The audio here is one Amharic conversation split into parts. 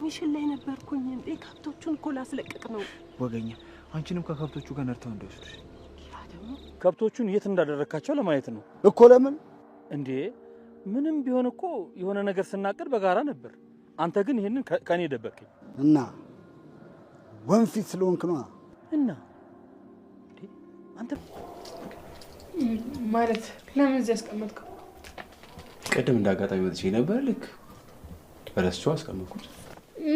ሚሽን ላይ ነበርኩኝ። ከብቶቹን እኮ ላስለቀቅ ነው። ወገኛ አንቺንም ከከብቶቹ ጋር ነርተው እንዳይወስዱሽ። ከብቶቹን የት እንዳደረግካቸው ለማየት ነው እኮ። ለምን እንዴ? ምንም ቢሆን እኮ የሆነ ነገር ስናቅድ በጋራ ነበር። አንተ ግን ይህንን ከእኔ ደበቅኝ እና ወንፊት ስለሆንክ ነዋ እና አንተ ማለት ለምን እዚህ ያስቀመጥከው? ቅድም እንዳጋጣሚ መጥቼ ነበር። ልክ በረስቼው አስቀመጥኩት።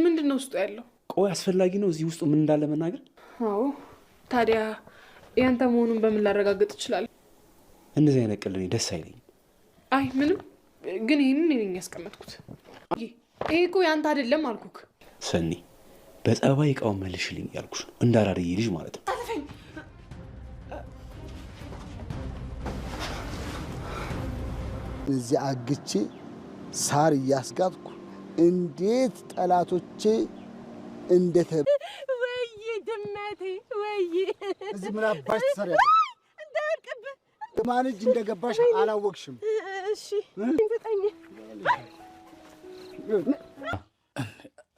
ምንድን ነው ውስጡ ያለው? ቆይ አስፈላጊ ነው እዚህ ውስጡ ምን እንዳለ መናገር? አዎ። ታዲያ ያንተ መሆኑን በምን ላረጋግጥ እችላለሁ? እንደዚህ አይነት ቅልኔ ደስ አይለኝም። አይ ምንም ግን ይህንን ያስቀመጥኩት። ይሄ እኮ ያንተ አይደለም አልኩክ። ሰኒ በጸባይ እቃውን መልሽልኝ ያልኩሽ እንዳራርዬ ልጅ ማለት ነው። እዚህ አግቼ ሳር እያስጋብኩ እንዴት ጠላቶቼ እንደተ ወይ ድመቴ ወይ እዚህ ምን አባሽ ትሰሪያለሽ? እንዳወድቅብህ ማን እጅ እንደገባሽ አላወቅሽም። እሺ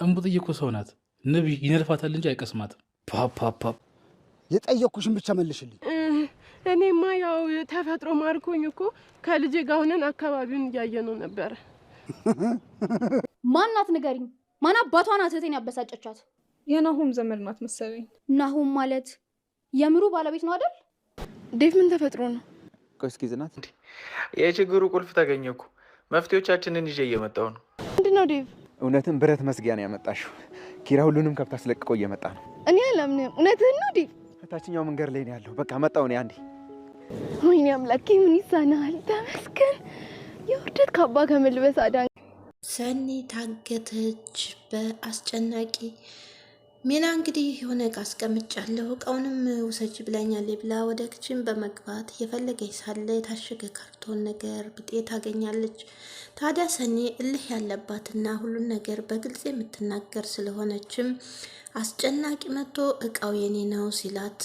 እንቡጥዬ እኮ ሰው ናት። ንብ ይነድፋታል እንጂ አይቀስማትም። ፓፓፓ የጠየኩሽን ብቻ መልሽልኝ። እኔማ ያው ተፈጥሮ ማርኮኝ እኮ ከልጄ ጋር ሆነን አካባቢውን እያየነው ነበረ። ማናት ንገሪኝ። ማን አባቷ ናት እህቴን ያበሳጨቻት? የናሁም ዘመድ ናት መሰለኝ። ናሁም ማለት የምሩ ባለቤት ነው አይደል? ዴቭ ምን ተፈጥሮ ነው? ቆይ እስኪ ዝናት፣ የችግሩ ቁልፍ ተገኘኩ? እኮ መፍትሄዎቻችንን ይዤ እየመጣው ነው። ምንድን ነው ዴቭ? እውነትም ብረት መዝጊያ ነው ያመጣሽው። ኪራ ሁሉንም ከብት አስለቅቆ እየመጣ ነው። እኔ አላምንም። እውነትህን ነው? ዲ ከታችኛው መንገድ ላይ ነው ያለው። በቃ መጣው ነው። አንዴ ወይኔ አምላኬ፣ ምን ይሳናል? ተመስገን። የውርደት ካባ ከመልበስ አዳኝ ሰኒ ታገተች በአስጨናቂ ሜላ እንግዲህ የሆነ እቃ አስቀምጫለሁ እቃውንም ውሰጅ ብለኛል ብላ ወደ ክችን በመግባት እየፈለገች ሳለ የታሸገ ካርቶን ነገር ብጤ ታገኛለች። ታዲያ ሰኔ እልህ ያለባትና ሁሉን ነገር በግልጽ የምትናገር ስለሆነችም አስጨናቂ መጥቶ እቃው የኔ ነው ሲላት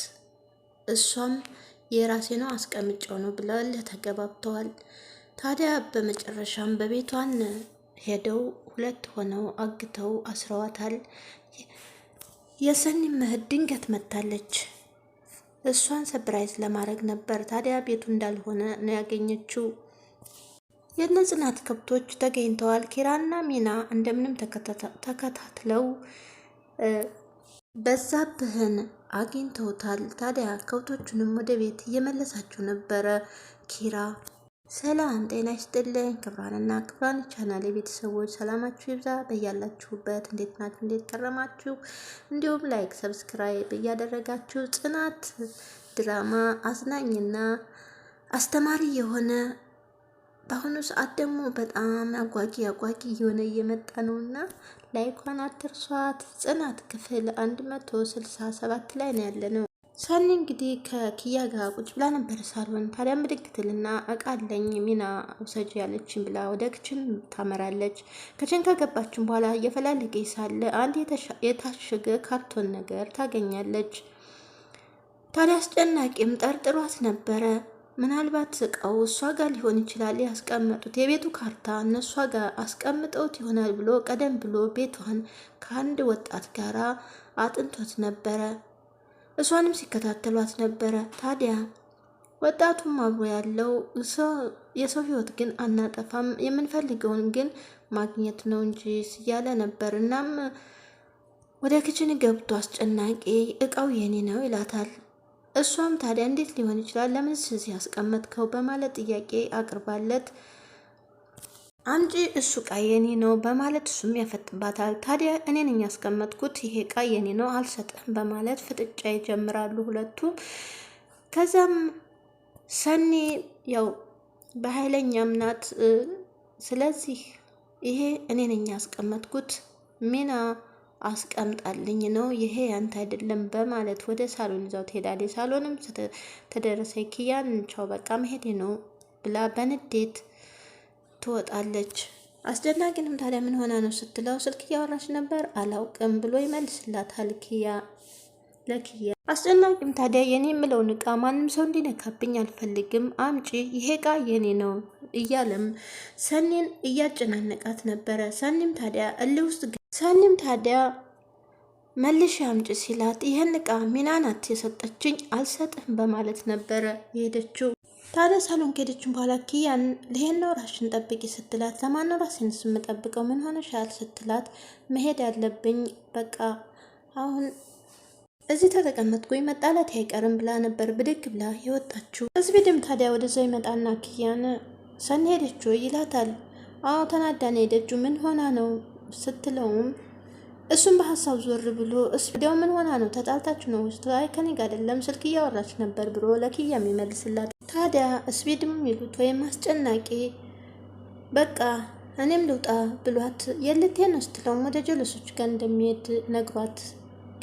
እሷም የራሴ ነው አስቀምጫው ነው ብላ እልህ ተገባብተዋል። ታዲያ በመጨረሻም በቤቷን ሄደው ሁለት ሆነው አግተው አስረዋታል። የሰኒ እህት ድንገት መታለች እሷን ሰብራይዝ ለማድረግ ነበር። ታዲያ ቤቱ እንዳልሆነ ነው ያገኘችው። የነ ጽናት ከብቶች ተገኝተዋል። ኪራና ሚና እንደምንም ተከታትለው በዛብህን አግኝተውታል። ታዲያ ከብቶቹንም ወደ ቤት እየመለሳቸው ነበረ ኪራ ሰላም ጤና ይስጥልኝ። ክብራንና ክብራን ቻናል የቤተሰቦች ሰላማችሁ ይብዛ በያላችሁበት። እንዴት ናችሁ? እንዴት ቀረማችሁ? እንዲሁም ላይክ፣ ሰብስክራይብ እያደረጋችሁ ጽናት ድራማ አዝናኝና አስተማሪ የሆነ በአሁኑ ሰዓት ደግሞ በጣም አጓጊ አጓጊ እየሆነ እየመጣ ነው እና ላይኳን አትርሷት። ጽናት ክፍል ሰባት ላይ ነው ያለ ነው። ሰኒ እንግዲህ ከኪያ ጋር ቁጭ ብላ ነበር ሳሎን። ታዲያ ብድግ ትልና እቃ አለኝ ሚና ውሰጅ ያለችን ብላ ወደ ክችን ታመራለች። ክችን ከገባችን በኋላ እየፈላለገ ሳለ አንድ የታሸገ ካርቶን ነገር ታገኛለች። ታዲያ አስጨናቂም ጠርጥሯት ነበረ። ምናልባት እቃው እሷ ጋር ሊሆን ይችላል ያስቀመጡት፣ የቤቱ ካርታ እነሷ ጋር አስቀምጠውት ይሆናል ብሎ ቀደም ብሎ ቤቷን ከአንድ ወጣት ጋራ አጥንቶት ነበረ። እሷንም ሲከታተሏት ነበረ። ታዲያ ወጣቱም አብሮ ያለው የሰው ህይወት ግን አናጠፋም፣ የምንፈልገውን ግን ማግኘት ነው እንጂ እያለ ነበር። እናም ወደ ክችን ገብቶ አስጨናቂ እቃው የኔ ነው ይላታል። እሷም ታዲያ እንዴት ሊሆን ይችላል? ለምንስ ስዚህ ያስቀመጥከው? በማለት ጥያቄ አቅርባለት አምጪ እሱ እቃ የኔ ነው በማለት እሱም ያፈጥባታል። ታዲያ እኔን ያስቀመጥኩት ይሄ እቃ የኔ ነው አልሰጠም በማለት ፍጥጫ ይጀምራሉ ሁለቱ። ከዛም ሰኒ ያው በኃይለኛም ናት። ስለዚህ ይሄ እኔን ያስቀመጥኩት ሚና አስቀምጣልኝ ነው ይሄ ያንተ አይደለም በማለት ወደ ሳሎን ይዛው ትሄዳለች። ሳሎንም ተደረሰ ኪያን ቻው በቃ መሄዴ ነው ብላ በንዴት ትወጣለች። አስደናቂንም ታዲያ ምን ሆና ነው ስትለው ስልክ እያወራች ነበር አላውቅም ብሎ ይመልስላታል ኪያ ለክያ አስደናቂም ታዲያ የኔ የምለውን እቃ ማንም ሰው እንዲነካብኝ አልፈልግም፣ አምጪ፣ ይሄ እቃ የኔ ነው እያለም ሰኔን እያጨናነቃት ነበረ። ሰኔም ታዲያ እልህ ውስጥ ታዲያ መልሽ አምጪ ሲላት ይህን እቃ ሚናናት የሰጠችኝ አልሰጥህም በማለት ነበረ የሄደችው። ታዲያ ሳሎን ከሄደችን በኋላ ኪያን ይሄን ነው ራሽን ጠብቂ ስትላት፣ ለማን ነው ራሴን ስምጠብቀው ምን ሆነሻል ስትላት፣ መሄድ ያለብኝ በቃ አሁን እዚህ ተተቀመጥኩኝ መጣላት አይቀርም ብላ ነበር ብድግ ብላ የወጣችው። እዚህ ድም ታዲያ ወደዛ ይመጣና ኪያን ሰን ሄደችው ይላታል። አዎ ተናዳን ሄደችው ምን ሆና ነው ስትለውም እሱም በሀሳብ ዞር ብሎ እስዲያው ምን ሆና ነው ተጣልታችሁ ነው ውስጥ አይ ከኔ ጋር አይደለም ስልክ እያወራች ነበር ብሎ ለኪያ የሚመልስላት ታዲያ እስቤድ የሚሉት ወይም አስጨናቂ በቃ እኔም ልውጣ ብሏት የልቴን ስትለውም ወደ ጀለሶች ጋር እንደሚሄድ ነግሯት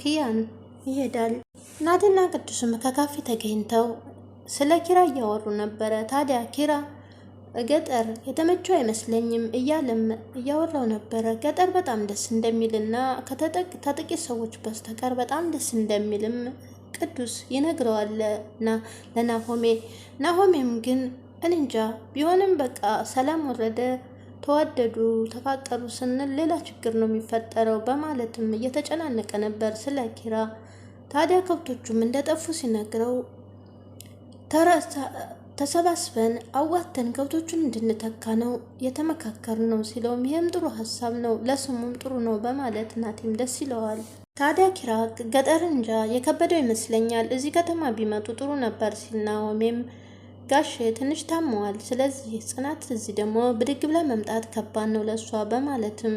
ክያን ይሄዳል። ናትና ቅዱስም ከካፌ ተገኝተው ስለ ኪራ እያወሩ ነበረ ታዲያ ኪራ ገጠር የተመቸው አይመስለኝም እያለም እያወራው ነበረ። ገጠር በጣም ደስ እንደሚልና ከጥቂት ሰዎች በስተቀር በጣም ደስ እንደሚልም ቅዱስ ይነግረዋል ና ለናሆሜ ናሆሜም ግን እንንጃ ቢሆንም በቃ ሰላም ወረደ ተዋደዱ ተፋቀሩ ስንል ሌላ ችግር ነው የሚፈጠረው በማለትም እየተጨናነቀ ነበር ስለ ኪራ። ታዲያ ከብቶቹም እንደጠፉ ሲነግረው ተሰባስበን አዋተን ከብቶቹን እንድንተካ ነው የተመካከር ነው ሲለውም ይህም ጥሩ ሀሳብ ነው ለስሙም ጥሩ ነው በማለት ናቲም ደስ ይለዋል። ታዲያ ኪራክ ገጠር እንጃ የከበደው ይመስለኛል እዚህ ከተማ ቢመጡ ጥሩ ነበር ሲል ናሆሜም ጋሽ ትንሽ ታመዋል፣ ስለዚህ ጽናት እዚህ ደግሞ ብድግ ብላ መምጣት ከባድ ነው ለእሷ በማለትም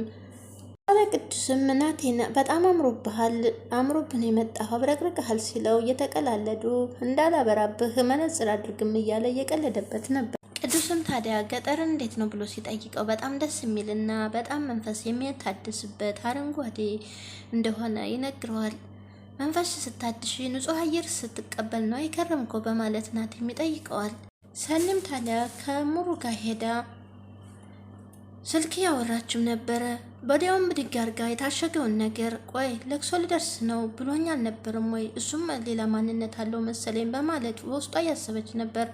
አለ ቅዱስም እናቴን በጣም አምሮብሃል አምሮብን የመጣህ አብረቅርቅሃል ሲለው እየተቀላለዱ እንዳላበራብህ መነጽር አድርግም እያለ እየቀለደበት ነበር። ቅዱስም ታዲያ ገጠር እንዴት ነው ብሎ ሲጠይቀው በጣም ደስ የሚልና በጣም መንፈስ የሚታድስበት አረንጓዴ እንደሆነ ይነግረዋል። መንፈስ ስታድሽ ንጹህ አየር ስትቀበል ነው የከረምኮ በማለት ናት የሚጠይቀዋል። ሰኒም ታዲያ ከሙሩ ጋር ሄዳ ስልክ እያወራችም ነበረ። ወዲያውም ብድግ አድርጋ የታሸገውን ነገር ቆይ ለቅሶ ልደርስ ነው ብሎኛ አልነበርም ወይ? እሱም ሌላ ማንነት አለው መሰለኝ በማለት በውስጧ እያሰበች ነበር።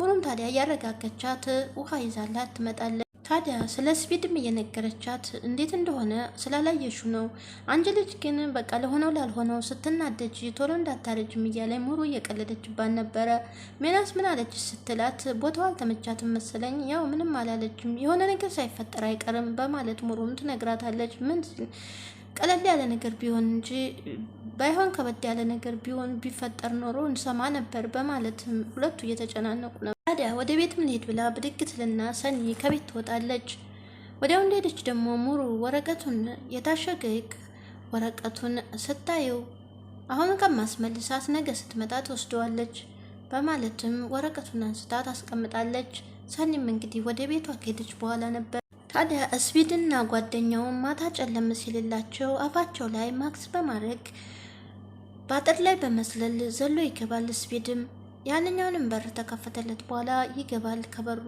ሙሉም ታዲያ እያረጋገቻት ውሃ ይዛላት ትመጣለች። ታዲያ ስለ ስፒድም እየነገረቻት እንዴት እንደሆነ ስላላየሹ ነው። አንቺ ልጅ ግን በቃ ለሆነው ላልሆነው ስትናደጅ ቶሎ እንዳታረጅም እያለ ሙሩ እየቀለደችባት ነበረ። ሜናስ ምን አለች ስትላት ቦታው አልተመቻትም መሰለኝ፣ ያው ምንም አላለችም፣ የሆነ ነገር ሳይፈጠር አይቀርም በማለት ሙሩም ትነግራታለች። ምን ቀለል ያለ ነገር ቢሆን እንጂ ባይሆን ከበድ ያለ ነገር ቢሆን ቢፈጠር ኖሮ እንሰማ ነበር በማለትም ሁለቱ እየተጨናነቁ ነበር። ታዲያ ወደ ቤት ምን ሄድ ብላ ብድግ ትልና ሰኒ ከቤት ትወጣለች። ወዲያው እንደሄደች ደግሞ ሙሩ ወረቀቱን የታሸገ ወረቀቱን ስታየው አሁን ከማስመልሳት ነገ ስትመጣ ትወስደዋለች በማለትም ወረቀቱን አንስታ ታስቀምጣለች። ሰኒም እንግዲህ ወደ ቤቷ ከሄደች በኋላ ነበር ታዲያ እስቢድና ጓደኛውን ማታ ጨለም ሲልላቸው አፋቸው ላይ ማክስ በማድረግ በአጥር ላይ በመስለል ዘሎ ይገባል። እስቢድም ያንኛውንም በር ተከፈተለት በኋላ ይገባል። ከበሩ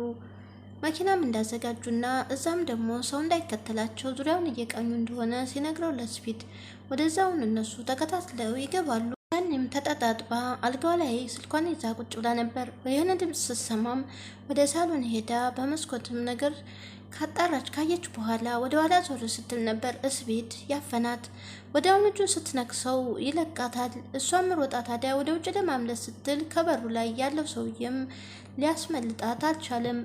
መኪናም እንዳዘጋጁና እዛም ደግሞ ሰው እንዳይከተላቸው ዙሪያውን እየቀኙ እንደሆነ ሲነግረው ለስፒድ ወደዛውን እነሱ ተከታትለው ይገባሉ። ያንም ተጠጣጥባ አልጋው ላይ ስልኳን ይዛ ቁጭ ብላ ነበር። የሆነ ድምፅ ስትሰማም ወደ ሳሎን ሄዳ በመስኮትም ነገር ካጣራች ካየች በኋላ ወደ ኋላ ዞር ስትል ነበር እስቤድ ያፈናት። ወዲያውኑ እጁን ስትነክሰው ይለቃታል። እሷም ሮጣ ታዲያ ወደ ውጭ ለማምለስ ስትል ከበሩ ላይ ያለው ሰውዬም ሊያስመልጣት አልቻለም።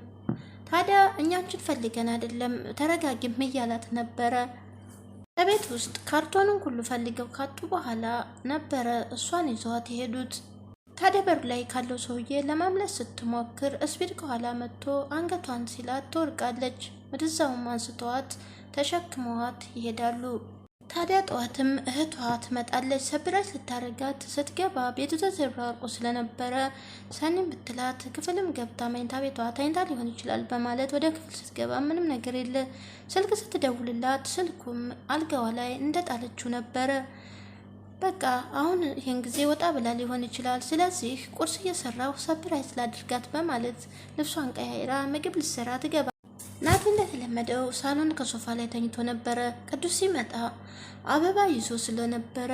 ታዲያ እኛ ፈልገን አይደለም ተረጋጊም እያላት ነበረ። እቤት ውስጥ ካርቶኑን ሁሉ ፈልገው ካጡ በኋላ ነበረ እሷን ይዘዋት የሄዱት። ታዲያ በሩ ላይ ካለው ሰውዬ ለማምለስ ስትሞክር እስቢድ ከኋላ መጥቶ አንገቷን ሲላት ትወርቃለች። ወደዛውም አንስተዋት ተሸክመዋት ይሄዳሉ። ታዲያ ጠዋትም እህቷ ትመጣለች። ሰብራች ልታደርጋት ስትገባ ቤቱ ተዘብራርቆ ስለነበረ ሰኒም ብትላት ክፍልም ገብታ መኝታ ቤቷ ተኝታ ሊሆን ይችላል በማለት ወደ ክፍል ስትገባ ምንም ነገር የለ። ስልክ ስትደውልላት ስልኩም አልጋዋ ላይ እንደጣለችው ነበረ። በቃ አሁን ይህን ጊዜ ወጣ ብላ ሊሆን ይችላል። ስለዚህ ቁርስ እየሰራሁ ሰብራይዝ ላድርጋት በማለት ልብሷን ቀያይራ ምግብ ልሰራ ትገባ ናቲ እንደተለመደው ሳሎን ከሶፋ ላይ ተኝቶ ነበረ። ቅዱስ ሲመጣ አበባ ይዞ ስለነበረ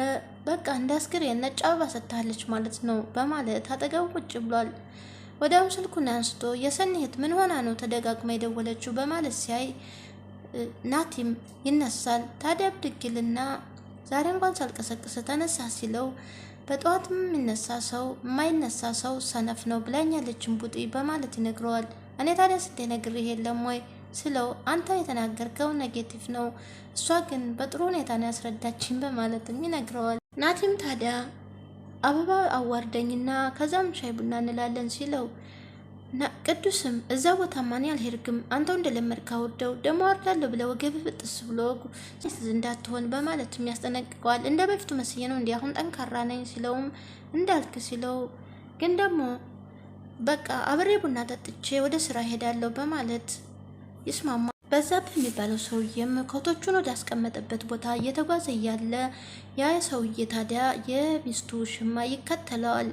በቃ እንደ አስክሬን ነጭ አበባ ሰጥታለች ማለት ነው በማለት አጠገቡ ቁጭ ብሏል። ወዲያውም ስልኩን አንስቶ የሰኒ ምን ሆና ነው ተደጋግማ የደወለችው በማለት ሲያይ ናቲም ይነሳል። ታዲያ ብድግልና ዛሬ እንኳን ሳልቀሰቅስ ተነሳ ሲለው በጠዋት የሚነሳ ሰው የማይነሳ ሰው ሰነፍ ነው ብላኛለችን ቡጢ በማለት ይነግረዋል። እኔ ታዲያ ስንቴ ነግሬህ የለም ወይ ስለው አንተ የተናገርከው ኔጌቲቭ ነው፣ እሷ ግን በጥሩ ሁኔታ ነው ያስረዳችኝ በማለትም ይነግረዋል። ናቲም ታዲያ አበባ አዋርደኝና ከዛም ሻይ ቡና እንላለን ሲለው ቅዱስም እዛ ቦታ ማን አልሄድክም አንተው እንደለመድካ አውርደው ደሞ አወርዳለሁ ብለ ወገብ ብጥስ ብሎ እንዳትሆን በማለትም ያስጠነቅቀዋል። እንደ በፊቱ መስዬ ነው እንዲህ አሁን ጠንካራ ነኝ ሲለውም እንዳልክ ሲለው ግን ደግሞ በቃ አብሬ ቡና ጠጥቼ ወደ ስራ ሄዳለሁ በማለት ይስማማ። በዛብህ የሚባለው ሰውዬም ከብቶቹን ወዳስቀመጠበት ቦታ እየተጓዘ እያለ ያ ሰውዬ ታዲያ የሚስቱ ሽማ ይከተለዋል።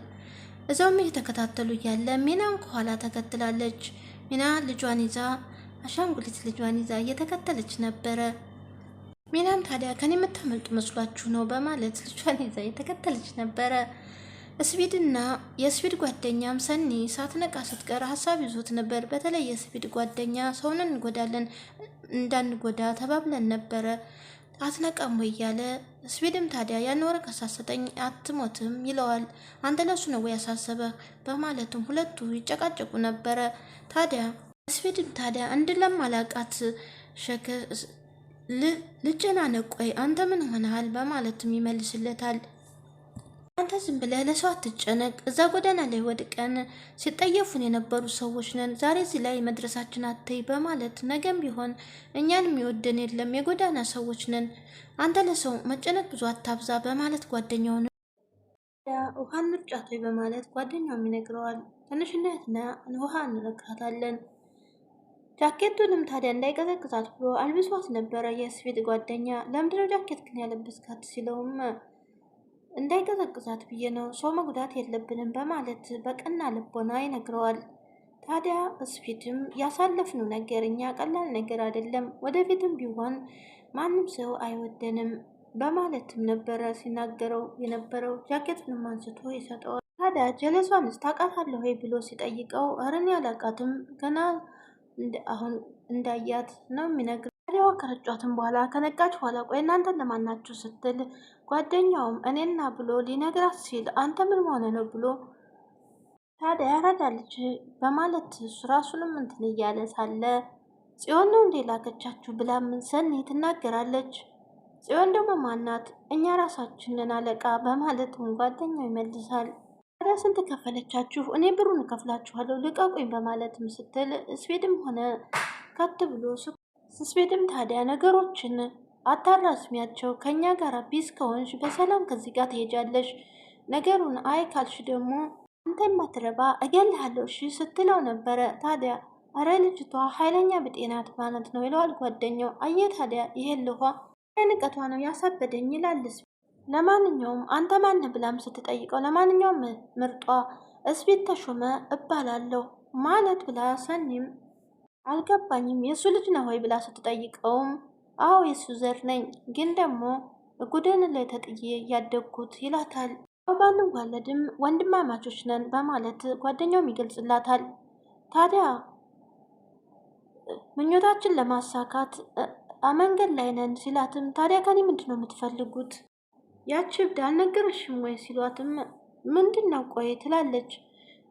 እዛውም እየተከታተሉ እያለ ሚናም ከኋላ ተከትላለች። ሚና ልጇን ይዛ አሻንጉሊት ልጇን ይዛ እየተከተለች ነበረ። ሚናም ታዲያ ከኔ የምታመልጡ መስሏችሁ ነው በማለት ልጇን ይዛ እየተከተለች ነበረ። ስፒድና የስፒድ ጓደኛም ሰኒ ሳትነቃ ስትቀር ሀሳብ ይዞት ነበር። በተለይ የስፒድ ጓደኛ ሰውን እንጎዳለን እንዳንጎዳ ተባብለን ነበረ አትነቃም ወይ እያለ ስፒድም ታዲያ ያን ወረቀት ሳሰጠኝ አትሞትም ይለዋል። አንተ ለሱ ነው ወይ ያሳሰበህ? በማለትም ሁለቱ ይጨቃጨቁ ነበረ። ታዲያ ስፒድም ታዲያ እንድለም አላቃት ሸክ ልጨናነቅ ቆይ አንተ ምን ሆነሃል? በማለትም ይመልስለታል። አንተ ዝም ብለህ ለሰው አትጨነቅ። እዛ ጎዳና ላይ ወድቀን ሲጠየፉን የነበሩ ሰዎች ነን። ዛሬ እዚህ ላይ መድረሳችን አተይ በማለት ነገም ቢሆን እኛን የሚወደን የለም፣ የጎዳና ሰዎች ነን። አንተ ለሰው መጨነቅ ብዙ አታብዛ በማለት ጓደኛውን ውሃን ምርጫቶይ በማለት ጓደኛውም ይነግረዋል። ትንሽነትና ውሃ እንረግታታለን ጃኬቱንም ታዲያ እንዳይቀዘቅዛት ብሎ አልብሷት ነበረ። የስፌት ጓደኛ ለምድረው ጃኬት ግን ያለብስካት ሲለውም እንዳይቀዘቅዛት ብዬ ነው ሰው መጉዳት የለብንም በማለት በቀና ልቦና ይነግረዋል። ታዲያ እስፊትም ያሳለፍነው ነገር እኛ ቀላል ነገር አይደለም፣ ወደፊትም ቢሆን ማንም ሰው አይወደንም በማለትም ነበረ ሲናገረው የነበረው። ጃኬቱንም አንስቶ ይሰጠዋል። ታዲያ ጀለሷንስ ታውቃታለህ ወይ ብሎ ሲጠይቀው እርን ያላቃትም ገና አሁን እንዳያት ነው የሚነግረው። ታዲያ ከረጫትን በኋላ ከነቃች በኋላ ቆይ እናንተ እነማናችሁ ስትል ጓደኛውም እኔና ብሎ ሊነግራት ሲል አንተ ምን መሆነ ነው ብሎ ታዲያ ያረዳልች በማለት እሱ ራሱንም እንትን እያለ ሳለ ጽዮን ነው እንዴ ላከቻችሁ ብላ ምን ሰኒ ትናገራለች። ጽዮን ደግሞ ማናት እኛ ራሳችንን አለቃ በማለትም ጓደኛው ይመልሳል። ታዲያ ስንት ከፈለቻችሁ? እኔ ብሩን እከፍላችኋለሁ ልቀቁኝ በማለትም ስትል ስፌድም ሆነ ከት ብሎ ስስቤድም ታዲያ ነገሮችን አታራዝሚያቸው፣ ከእኛ ጋር ቢስ ከሆንሽ በሰላም ከዚህ ጋር ትሄጃለሽ። ነገሩን አይ ካልሽ ደግሞ አንተ የማትረባ እገልሃለሁ እሺ ስትለው ነበረ። ታዲያ እረ ልጅቷ ኃይለኛ ብጤናት ማለት ነው ይለዋል ጓደኛው። አየ ታዲያ ይሄ ልኋ ንቀቷ ነው ያሳበደኝ ይላል። ለማንኛውም አንተ ማን ብላም ስትጠይቀው ለማንኛውም ምርጧ እስቤት ተሾመ እባላለሁ ማለት ብላ ሰኒም አልገባኝም የእሱ ልጅ ነው ወይ ብላ ስትጠይቀውም አዎ የእሱ ዘር ነኝ፣ ግን ደግሞ ጎዳና ላይ ተጥዬ ያደግኩት ይላታል። ባንዋለድም ወንድማማቾች ነን በማለት ጓደኛውም ይገልጽላታል። ታዲያ ምኞታችን ለማሳካት መንገድ ላይ ነን ሲላትም ታዲያ ከኔ ምንድን ነው የምትፈልጉት? ያች እብድ አልነገረሽም ወይ ሲሏትም ምንድን ነው ቆይ ትላለች።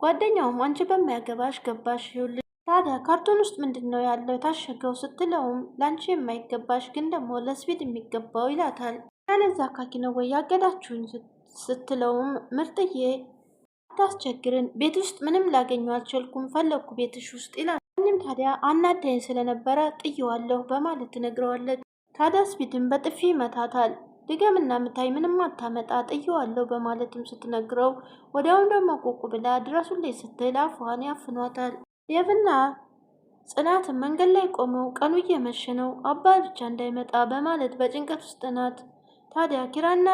ጓደኛውም አንቺ በማያገባሽ ገባሽ ይሁል ታዲያ ካርቶን ውስጥ ምንድን ነው ያለው የታሸገው ስትለውም ለአንቺ የማይገባሽ ግን ደግሞ ለስቢድ የሚገባው ይላታል። ያለዛ አካኪ ነው ወይ ያገዳችሁኝ ስትለውም ምርጥዬ አታስቸግርን፣ ቤት ውስጥ ምንም ላገኘው አልቻልኩም፣ ፈለግኩ ቤትሽ ውስጥ ይላል። እኔም ታዲያ አናዳኝ ስለነበረ ጥየዋለሁ በማለት ትነግረዋለች። ታዲያ ስቢድን በጥፊ ይመታታል። እና ምታይ ምንም አታመጣ ጥየዋለሁ በማለትም ስትነግረው ወዲያውም ደግሞ ቁቁ ብላ ላይ ስትል አፏን ያፍኗታል። የብና ጽናትን መንገድ ላይ ቆመው ቀኑ እየመሸ ነው አባ ብቻ እንዳይመጣ በማለት በጭንቀት ውስጥ ናት። ታዲያ ኪራና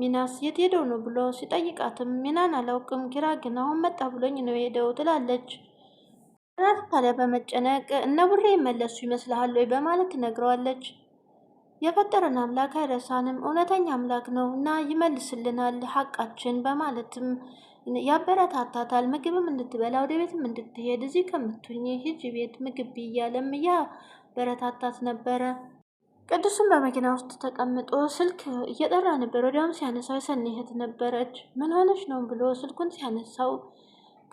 ሚናስ የት ሄደው ነው ብሎ ሲጠይቃትም ሚናን አላውቅም፣ ኪራ ግን አሁን መጣ ብሎኝ ነው ሄደው ትላለች። ጽናት ታዲያ በመጨነቅ እነ ቡሬ መለሱ ይመስልሃል ወይ በማለት ትነግረዋለች። የፈጠረን አምላክ አይረሳንም፣ እውነተኛ አምላክ ነው እና ይመልስልናል ሀቃችን በማለትም ያበረታታታል። ምግብም እንድትበላ ወደ ቤትም እንድትሄድ እዚህ ከምትኝ ሂጅ ቤት ምግብ እያ እያበረታታት ነበረ። ቅዱስም በመኪና ውስጥ ተቀምጦ ስልክ እየጠራ ነበር። ወዲያውም ሲያነሳው የሰኒ እህት ነበረች። ምን ሆነች ነው ብሎ ስልኩን ሲያነሳው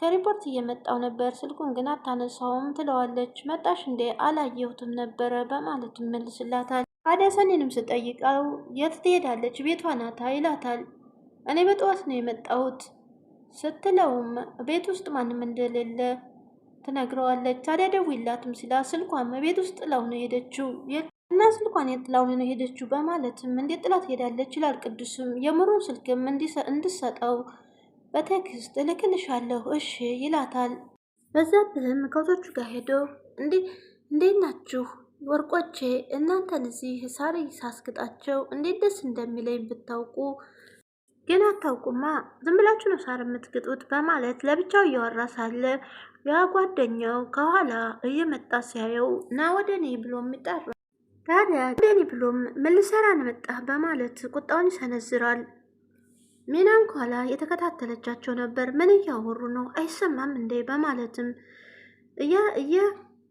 ከሪፖርት እየመጣው ነበር። ስልኩን ግን አታነሳውም ትለዋለች። መጣሽ እንዴ አላየሁትም ነበረ በማለት መልስላታል። አዲያ ሰኔንም ስጠይቀው የት ትሄዳለች ቤቷ ናታ ይላታል። እኔ በጠዋት ነው የመጣሁት ስትለውም ቤት ውስጥ ማንም እንደሌለ ትነግረዋለች። ታዲያ ደውይላትም ሲላ ስልኳም ቤት ውስጥ ጥላው ነው የሄደችው እና ስልኳን የጥላው ነው የሄደችው በማለትም እንዴት ጥላት ሄዳለች ይላል ቅዱስም። የምሩን ስልክም እንድሰጠው በቴክስት እልክልሻለሁ እሺ ይላታል። በዛብህም ከውቶቹ ጋር ሄዶ እንዴት ናችሁ ወርቆቼ እናንተን እዚህ ሳሪ ሳስግጣቸው እንዴት ደስ እንደሚለኝ ብታውቁ ግን አታውቁማ ዝም ብላችሁ ነው ሳር የምትግጡት በማለት ለብቻው እያወራ ሳለ ያ ጓደኛው ከኋላ እየመጣ ሲያየው ና ወደ እኔ ብሎ የሚጠራ ታዲያ ወደ እኔ ብሎም ምን ልሰራን መጣህ በማለት ቁጣውን ይሰነዝራል። ሚናም ከኋላ የተከታተለቻቸው ነበር። ምን እያወሩ ነው አይሰማም እንዴ በማለትም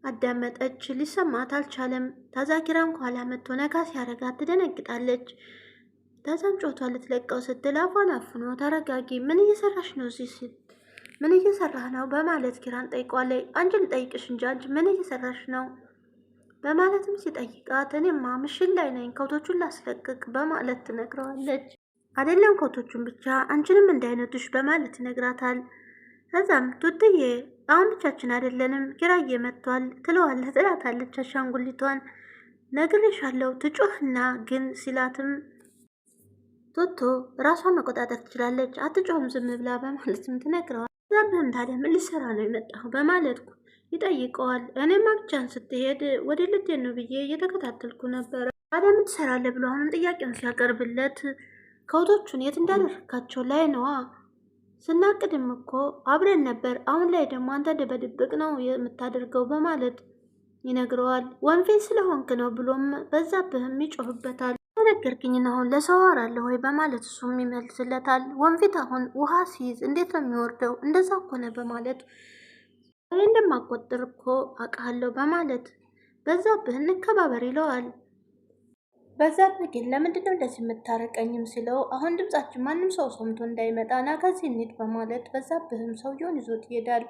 አዳመጠች ሊሰማት አልቻለም። ታዛኪራም ከኋላ መቶ ነካ ሲያረጋት ትደነግጣለች። ከዛም ጮቷ ልትለቀው ስትል አፏን አፍኖ ተረጋጊ፣ ምን እየሰራሽ ነው እዚህ ሲል ምን እየሰራህ ነው በማለት ኪራን ጠይቋለይ። አንቺን ልጠይቅሽ እንጂ አንቺ ምን እየሰራሽ ነው በማለትም ሲጠይቃት እኔማ ምሽል ላይ ነኝ ከውቶቹን ላስለቅቅ በማለት ትነግረዋለች። አይደለም ከውቶቹን ብቻ አንቺንም እንዳይነቱሽ በማለት ይነግራታል። ከዛም ቱትዬ አሁን ብቻችን አይደለንም ኪራዬ መጥቷል ትለዋለህ፣ ትላታለች አሻንጉሊቷን ነግሬሻለሁ ትጮህና ግን ሲላትም ቶቶ ራሷን መቆጣጠር ትችላለች፣ አትጮህም ዝም ብላ በማለትም ትነግረዋል። ዛብህም ታዲያ ምን ልሰራ ነው የመጣሁ በማለት ይጠይቀዋል። እኔማ ብቻን ስትሄድ ወደ ልዴን ነው ብዬ እየተከታተልኩ ነበረ። ታዲያ ምን ትሰራለህ ብሎ አሁንም ጥያቄውን ሲያቀርብለት ከውቶቹን የት እንዳደረካቸው ላይ ነዋ ስናቅድም እኮ አብረን ነበር። አሁን ላይ ደግሞ አንተ በድብቅ ነው የምታደርገው በማለት ይነግረዋል። ወንፌ ስለሆንክ ነው ብሎም በዛብህም ይጮህበታል። ተነገርክኝና አሁን ለሰው አወራለሁ ወይ በማለት እሱም ይመልስለታል። ወንፊት አሁን ውሃ ሲይዝ እንዴት ነው የሚወርደው? እንደዛ ኮነ ነው በማለት እንደማቆጥር እኮ አውቃለሁ በማለት በዛብህ እንከባበር ይለዋል። በዛብህ ግን ለምንድን ነው እንደዚህ የምታረቀኝም ሲለው አሁን ድምጻችን ማንም ሰው ሰምቶ እንዳይመጣ ና ከዚህ እንሂድ በማለት በዛብህም ሰውየውን ይዞት ይሄዳል።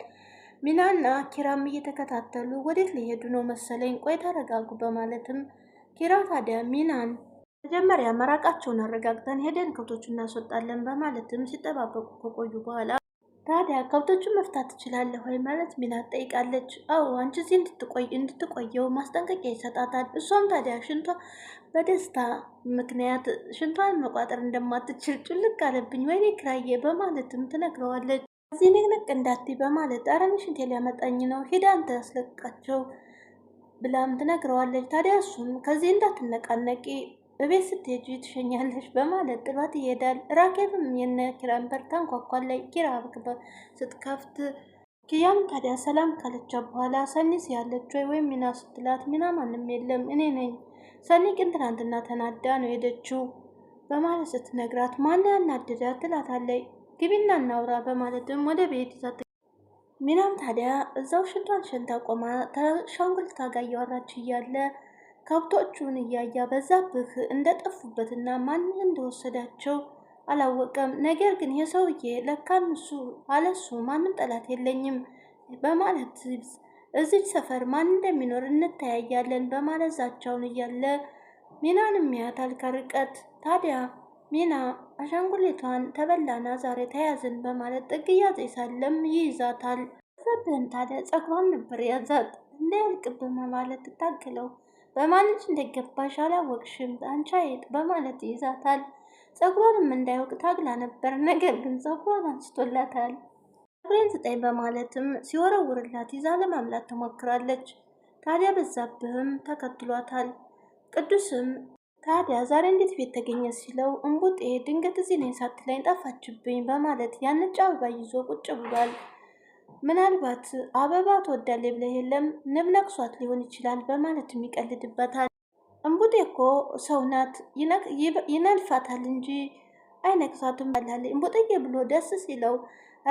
ሚናና ኪራም እየተከታተሉ ወዴት ሊሄዱ ነው መሰለኝ ቆይ ተረጋጉ በማለትም ኪራ ታዲያ ሚናን መጀመሪያ መራቃቸውን አረጋግጠን ሄደን ከብቶቹ እናስወጣለን በማለትም ሲጠባበቁ ከቆዩ በኋላ ታዲያ ከብቶቹን መፍታት ትችላለህ ወይ ማለት ሚና ጠይቃለች። አዎ አንቺ እዚህ እንድትቆይ እንድትቆየው ማስጠንቀቂያ ይሰጣታል። እሷም ታዲያ ሽንቷ በደስታ ምክንያት ሽንቷን መቋጠር እንደማትችል ጭልቅ አለብኝ ወይኔ ክራዬ በማለትም ትነግረዋለች። እዚህ ንቅንቅ እንዳትይ በማለት አረን ሽንቴ ሊያመጣኝ ነው ሄዳ አንተ አስለቅቃቸው ብላም ትነግረዋለች። ታዲያ እሱም ከዚህ እንዳትነቃነቂ እቤት ስትሄጂ ትሸኛለሽ በማለት ጥሏት ይሄዳል። ራኬብም የነ ኪራን በር ታንኳኳለች። ኪራ በክበር ስትከፍት ኪያም ታዲያ ሰላም ካለቻ በኋላ ሰኒስ ያለች ወይ ወይም ሚና ስትላት ሚና ማንም የለም እኔ ነኝ ሰኒ ግን ትናንትና ተናዳ ነው ሄደችው በማለት ስትነግራት ማን ያናደዳት ትላታለች። ግቢና እናውራ በማለትም ወደ ቤት ይዛት ሚናም ታዲያ እዛው ሽንቷን ሸንታ ቆማ ሻንጉልት ጋር እያወራች እያለ ከብቶቹን እያያ በዛብህ እንደጠፉበትና ማንን እንደወሰዳቸው አላወቀም። ነገር ግን የሰውዬ ለካንሱ እሱ አለሱ ማንም ጠላት የለኝም በማለት እዚህ ሰፈር ማን እንደሚኖር እንተያያለን በማለት ዛቻውን እያለ ሚናንም ያያታል ከርቀት። ታዲያ ሚና አሻንጉሊቷን ተበላና ዛሬ ተያዝን በማለት ጥግ እያዘች ሳለም ይይዛታል። ዘብህን ታዲያ ጸጉሯን ነበር ያዛት እንዳያልቅብህ በማለት ትታገለው በማን እጅ እንደገባሽ አላወቅሽም አንቺ አይጥ በማለት ይይዛታል። ፀጉሯንም እንዳይወቅ ታግላ ነበር። ነገር ግን ፀጉሯን አንስቶላታል። ፀጉሬን ስጠኝ በማለትም ሲወረውርላት ይዛ ለማምላት ትሞክራለች። ታዲያ በዛብህም ተከትሏታል። ቅዱስም ታዲያ ዛሬ እንዴት ቤት ተገኘ ሲለው እንቡጤ ድንገት እዚህ ነኝ ሳትለኝ ጠፋችብኝ በማለት ያንጫ አበባ ይዞ ቁጭ ብሏል። ምናልባት አበባ ትወዳለች ብለህ የለም ንብ ሊሆን ይችላል በማለት የሚቀልድበታል። እንቡጤ እኮ ሰው ናት ይነድፋታል እንጂ አይነቅሳትም ባላለች እንቡጥዬ ብሎ ደስ ሲለው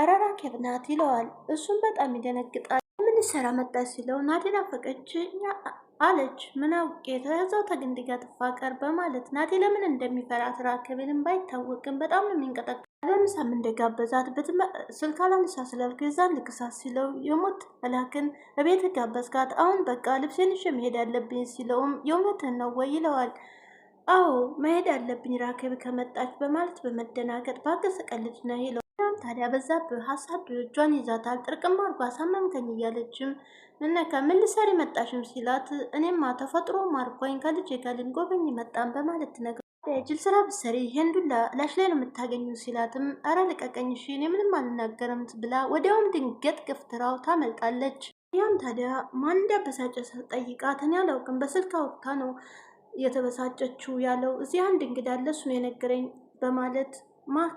ረራኬብ ናት ይለዋል። እሱም በጣም ይደነግጣል። ምን ሰራ መጣ ሲለው ናቴን አፈቀች አለች። ምን አውቄ ተዛው ተግንድጋ ትፋቀር በማለት ናቴ ለምን እንደሚፈራት ራኬብንም ባይታወቅም በጣም ነው ለምሳም እንደጋበዛት ስልክ አላነሳ ስላልክ የዛን ልክሳት ሲለው የሞት መላክን እቤት ጋበዝካት። አሁን በቃ ልብሴን ይዤ መሄድ አለብኝ ሲለውም የእውነትህን ነው ወይ ይለዋል። አዎ መሄድ አለብኝ ራከብ ከመጣች በማለት በመደናገጥ ባገሰ ቀልድ ነህ ይለው። ታዲያ በዛብህ ሀሳብ እጇን ይዛታል። ጥርቅም አድርጎ አሳመምከኝ እያለችም እነካ ምን ልሰሪ መጣሽም ሲላት እኔማ ተፈጥሮ ማርኳኝ ከልጄ ጋር ልንጎበኝ መጣን በማለት ነገር ጅል ስራ ብሰሪ ይሄን ዱላ ላሽ ላይ ነው የምታገኙ ሲላትም አረ ልቀቀኝ እሺ እኔ ምንም አልናገርም ብላ ወዲያውም ድንገት ገፍትራው ታመልጣለች። ያም ታዲያ ማን እንዳበሳጨ ጠይቃት እኔ አላውቅም በስልክ አውጥታ ነው የተበሳጨችው ያለው እዚህ አንድ እንግዳ አለ እሱ ነው የነገረኝ በማለት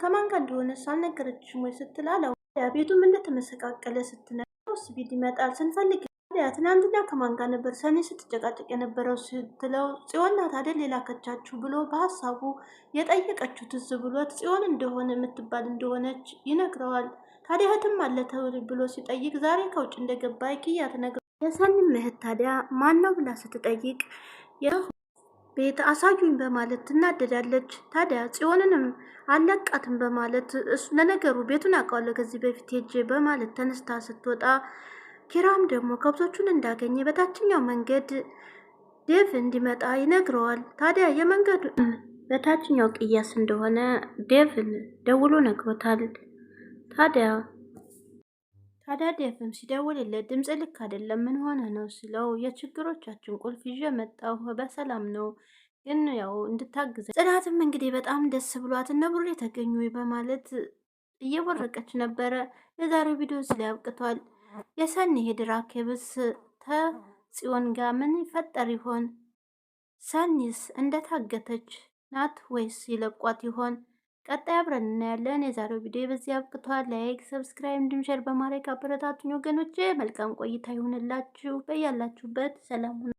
ከማን ጋር እንደሆነስ አልነገረችም ወይ ስትል አለው። ቤቱም እንደተመሰቃቀለ ስትነ ስቢድ ይመጣል ስንፈልግ ታዲያ ትናንትና ከማን ጋር ነበር ሰኔ ስትጨቃጨቅ የነበረው ስትለው ጽዮን ናት አይደል የላከቻችሁ ብሎ በሀሳቡ የጠየቀችው ትዝ ብሎት ጽዮን እንደሆነ የምትባል እንደሆነች ይነግረዋል። ታዲያ እህትም አለ ተውሪ ብሎ ሲጠይቅ ዛሬ ከውጭ እንደገባ ኪያ ትነግረዋል። የሰኒም እህት ታዲያ ነው ብላ ስትጠይቅ ቤት አሳዩኝ በማለት ትናደዳለች። ታዲያ ጽዮንንም አለቃትም በማለት ለነገሩ ቤቱን አውቀዋለሁ ከዚህ በፊት ሄጄ በማለት ተነስታ ስትወጣ ኪራም ደግሞ ከብቶቹን እንዳገኘ በታችኛው መንገድ ዴቭ እንዲመጣ ይነግረዋል። ታዲያ የመንገዱ በታችኛው ቅያስ እንደሆነ ዴቭን ደውሎ ነግሮታል። ታዲያ ታዲያ ዴቭም ሲደውልለት ድምፅ ልክ አይደለም ምን ሆነ ነው ስለው የችግሮቻችን ቁልፍ ይዤ መጣሁ በሰላም ነው ግን ያው እንድታግዘ ጽናትም እንግዲህ በጣም ደስ ብሏት እነ ብሩ የተገኙ በማለት እየቦረቀች ነበረ። የዛሬው ቪዲዮ ስለ ላይ የሰኒ ሄድራ ክብስ ተጽዮን ጋር ምን ይፈጠር ይሆን? ሰኒስ እንደታገተች ናት ወይስ ይለቋት ይሆን? ቀጣይ አብረን እናያለን። የዛሬው ቪዲዮ በዚህ አብቅቷል። ላይክ፣ ሰብስክራይብ እንዲሁም ሼር በማድረግ አበረታቱኝ ወገኖቼ። መልካም ቆይታ ይሁንላችሁ። በያላችሁበት ሰላም ሁኑ።